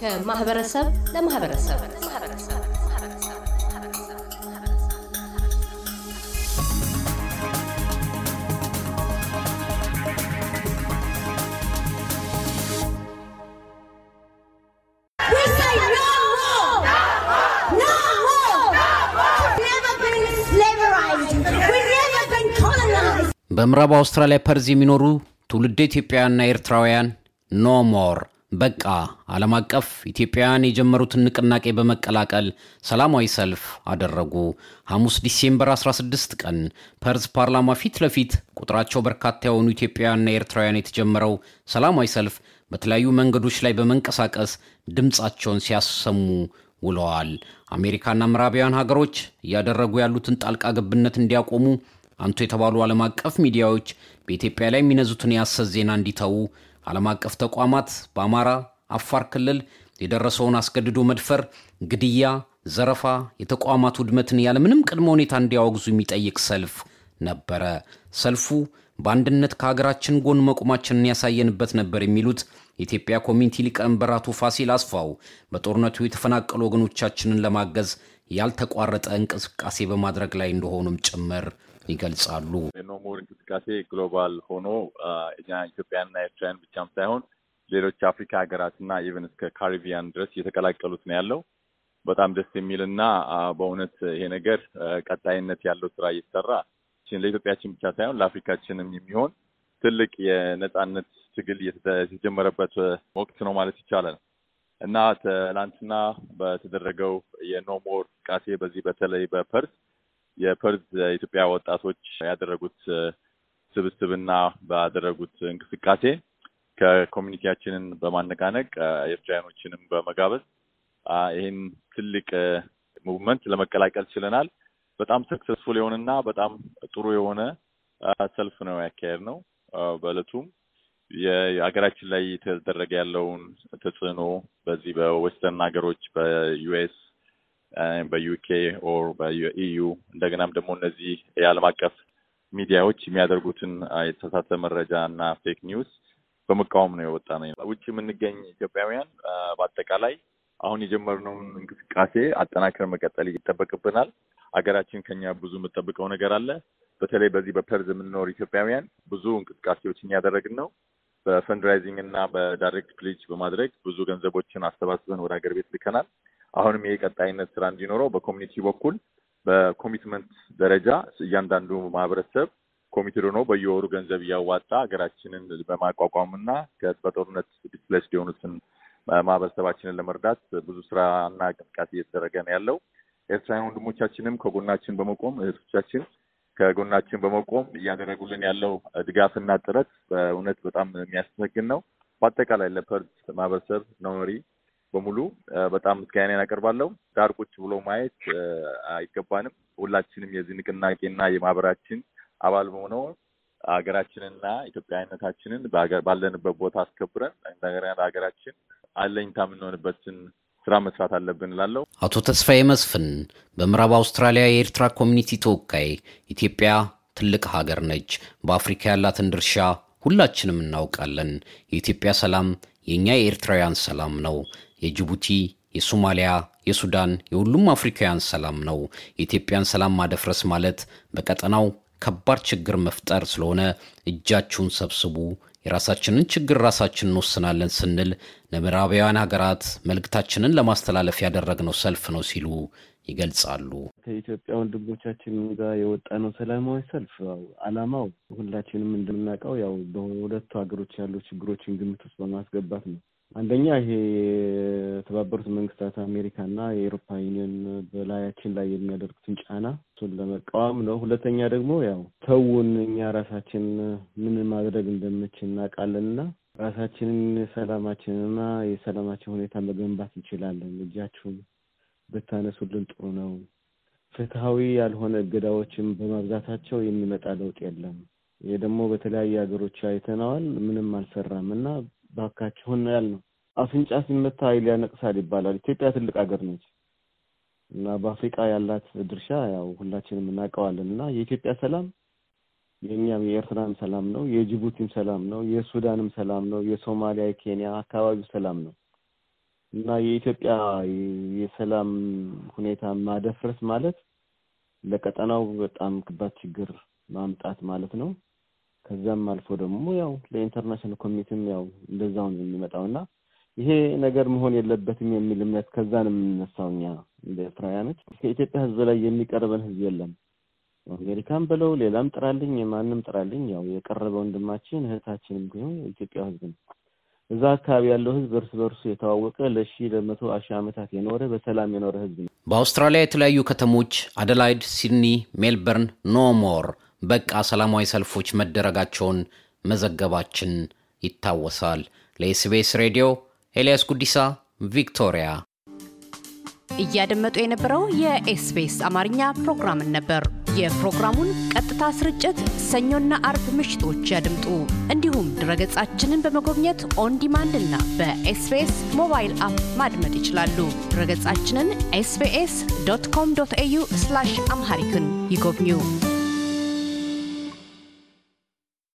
ከማህበረሰብ ለማህበረሰብ በምዕራብ አውስትራሊያ ፐርዝ የሚኖሩ ትውልድ ኢትዮጵያውያንና ኤርትራውያን ኖሞር በቃ ዓለም አቀፍ ኢትዮጵያውያን የጀመሩትን ንቅናቄ በመቀላቀል ሰላማዊ ሰልፍ አደረጉ። ሐሙስ ዲሴምበር 16 ቀን ፐርዝ ፓርላማ ፊት ለፊት ቁጥራቸው በርካታ የሆኑ ኢትዮጵያውያንና ኤርትራውያን የተጀመረው ሰላማዊ ሰልፍ በተለያዩ መንገዶች ላይ በመንቀሳቀስ ድምፃቸውን ሲያሰሙ ውለዋል። አሜሪካና ምዕራባውያን ሀገሮች እያደረጉ ያሉትን ጣልቃ ገብነት እንዲያቆሙ አንቱ የተባሉ ዓለም አቀፍ ሚዲያዎች በኢትዮጵያ ላይ የሚነዙትን የሐሰት ዜና እንዲተዉ ዓለም አቀፍ ተቋማት በአማራ፣ አፋር ክልል የደረሰውን አስገድዶ መድፈር፣ ግድያ፣ ዘረፋ፣ የተቋማት ውድመትን ያለምንም ቅድመ ሁኔታ እንዲያወግዙ የሚጠይቅ ሰልፍ ነበረ። ሰልፉ በአንድነት ከሀገራችን ጎን መቆማችንን ያሳየንበት ነበር የሚሉት የኢትዮጵያ ኮሚኒቲ ሊቀመንበር አቶ ፋሲል አስፋው በጦርነቱ የተፈናቀሉ ወገኖቻችንን ለማገዝ ያልተቋረጠ እንቅስቃሴ በማድረግ ላይ እንደሆኑም ጭምር ይገልጻሉ። የኖሞር እንቅስቃሴ ግሎባል ሆኖ እኛ ኢትዮጵያንና ኤርትራውያን ብቻም ሳይሆን ሌሎች አፍሪካ ሀገራትና ኢቨን እስከ ካሪቢያን ድረስ እየተቀላቀሉት ነው ያለው። በጣም ደስ የሚልና በእውነት ይሄ ነገር ቀጣይነት ያለው ስራ እየተሰራ ለኢትዮጵያችን ብቻ ሳይሆን ለአፍሪካችንም የሚሆን ትልቅ የነጻነት ትግል የተጀመረበት ወቅት ነው ማለት ይቻላል እና ትላንትና በተደረገው የኖሞር እንቅስቃሴ በዚህ በተለይ በፐርስ የፐርዝ የኢትዮጵያ ወጣቶች ያደረጉት ስብስብና ባደረጉት እንቅስቃሴ ከኮሚኒቲያችንን በማነቃነቅ ኤርትራውያኖችንም በመጋበዝ ይህን ትልቅ ሙቭመንት ለመቀላቀል ችለናል። በጣም ሰክሰስፉል የሆነና በጣም ጥሩ የሆነ ሰልፍ ነው ያካሄድ ነው። በእለቱም የሀገራችን ላይ የተደረገ ያለውን ተጽዕኖ በዚህ በዌስተርን ሀገሮች በዩኤስ በዩኬ ኦር በኢዩ እንደገናም ደግሞ እነዚህ የዓለም አቀፍ ሚዲያዎች የሚያደርጉትን የተሳሳተ መረጃ እና ፌክ ኒውስ በመቃወም ነው የወጣ ነው። ውጭ የምንገኝ ኢትዮጵያውያን በአጠቃላይ አሁን የጀመርነውን እንቅስቃሴ አጠናክር መቀጠል ይጠበቅብናል። ሀገራችን ከኛ ብዙ የምጠብቀው ነገር አለ። በተለይ በዚህ በፐርዝ የምንኖር ኢትዮጵያውያን ብዙ እንቅስቃሴዎችን እያደረግን ነው። በፈንድራይዚንግ እና በዳይሬክት ፕሊጅ በማድረግ ብዙ ገንዘቦችን አስተባስበን ወደ ሀገር ቤት ልከናል። አሁንም ይሄ ቀጣይነት ስራ እንዲኖረው በኮሚኒቲ በኩል በኮሚትመንት ደረጃ እያንዳንዱ ማህበረሰብ ኮሚቴ ሆኖ በየወሩ ገንዘብ እያዋጣ ሀገራችንን በማቋቋምና በጦርነት ዲስፕሌስ የሆኑትን ማህበረሰባችንን ለመርዳት ብዙ ስራና ቅንቃሴ እየተደረገ ነው ያለው። ኤርትራውያን ወንድሞቻችንም ከጎናችን በመቆም እህቶቻችን ከጎናችን በመቆም እያደረጉልን ያለው ድጋፍና ጥረት በእውነት በጣም የሚያስመሰግን ነው። በአጠቃላይ ለፐርዝ ማህበረሰብ ነዋሪ በሙሉ በጣም ምስጋናን ያቀርባለሁ። ዳር ቁጭ ብሎ ማየት አይገባንም። ሁላችንም የዚህ ንቅናቄና የማህበራችን አባል በሆነው ሀገራችንና ኢትዮጵያዊነታችንን ባለንበት ቦታ አስከብረን እንደገና ለሀገራችን አለኝታ የምንሆንበትን ስራ መስራት አለብን እላለሁ። አቶ ተስፋዬ መስፍን በምዕራብ አውስትራሊያ የኤርትራ ኮሚኒቲ ተወካይ። ኢትዮጵያ ትልቅ ሀገር ነች። በአፍሪካ ያላትን ድርሻ ሁላችንም እናውቃለን። የኢትዮጵያ ሰላም የእኛ የኤርትራውያን ሰላም ነው። የጅቡቲ፣ የሶማሊያ፣ የሱዳን የሁሉም አፍሪካውያን ሰላም ነው። የኢትዮጵያን ሰላም ማደፍረስ ማለት በቀጠናው ከባድ ችግር መፍጠር ስለሆነ እጃችሁን ሰብስቡ፣ የራሳችንን ችግር ራሳችን እንወስናለን ስንል ለምዕራባውያን ሀገራት መልእክታችንን ለማስተላለፍ ያደረግነው ሰልፍ ነው ሲሉ ይገልጻሉ። ከኢትዮጵያ ወንድሞቻችን ጋር የወጣ ነው ሰላማዊ ሰልፍ። አላማው ሁላችንም እንደምናውቀው ያው በሁለቱ ሀገሮች ያሉ ችግሮችን ግምት ውስጥ በማስገባት ነው። አንደኛ ይሄ የተባበሩት መንግስታት አሜሪካና የአውሮፓ ዩኒየን በላያችን ላይ የሚያደርጉትን ጫና እሱን ለመቃወም ነው። ሁለተኛ ደግሞ ያው ተውን እኛ ራሳችን ምን ማድረግ እንደምችል እናውቃለንና ራሳችንን ሰላማችንና የሰላማችን ሁኔታ መገንባት እንችላለን። እጃችሁን ብታነሱልን ጥሩ ነው። ፍትሐዊ ያልሆነ እገዳዎችን በማብዛታቸው የሚመጣ ለውጥ የለም። ይህ ደግሞ በተለያየ ሀገሮች አይተነዋል። ምንም አልሰራም እና ባካችሁን ያልነው። አፍንጫ ሲመታ ኃይል ያነቅሳል ይባላል። ኢትዮጵያ ትልቅ ሀገር ነች እና በአፍሪካ ያላት ድርሻ ያው ሁላችንም እናውቀዋለን እና የኢትዮጵያ ሰላም የእኛም የኤርትራም ሰላም ነው፣ የጅቡቲም ሰላም ነው፣ የሱዳንም ሰላም ነው፣ የሶማሊያ የኬንያ አካባቢው ሰላም ነው እና የኢትዮጵያ የሰላም ሁኔታ ማደፍረስ ማለት ለቀጠናው በጣም ከባድ ችግር ማምጣት ማለት ነው። ከዛም አልፎ ደግሞ ያው ለኢንተርናሽናል ኮሚኒቲም ያው እንደዛው ነው የሚመጣውና ይሄ ነገር መሆን የለበትም የሚል እምነት ከዛ ነው የምንነሳው እኛ እንደ ኤርትራውያኖች። ከኢትዮጵያ ህዝብ ላይ የሚቀርበን ህዝብ የለም። አሜሪካም ብለው ሌላም ጥራልኝ፣ ማንም ጥራልኝ፣ ያው የቀረበ ወንድማችን እህታችንም ቢሆን የኢትዮጵያ ህዝብ ነው። እዛ አካባቢ ያለው ህዝብ እርስ በርሱ የተዋወቀ ለሺ ለመቶ አሺ ዓመታት የኖረ በሰላም የኖረ ህዝብ ነው። በአውስትራሊያ የተለያዩ ከተሞች አደላይድ፣ ሲድኒ፣ ሜልበርን ኖሞር በቃ ሰላማዊ ሰልፎች መደረጋቸውን መዘገባችን ይታወሳል። ለኤስቢኤስ ሬዲዮ ኤልያስ ጉዲሳ ቪክቶሪያ። እያደመጡ የነበረው የኤስቢኤስ አማርኛ ፕሮግራምን ነበር። የፕሮግራሙን ቀጥታ ስርጭት ሰኞና አርብ ምሽቶች ያድምጡ። እንዲሁም ድረገጻችንን በመጎብኘት ኦን ዲማንድ እና በኤስቢኤስ ሞባይል አፕ ማድመጥ ይችላሉ። ድረገጻችንን ኤስቢኤስ ዶት ኮም ዶት ኤዩ አምሃሪክን ይጎብኙ።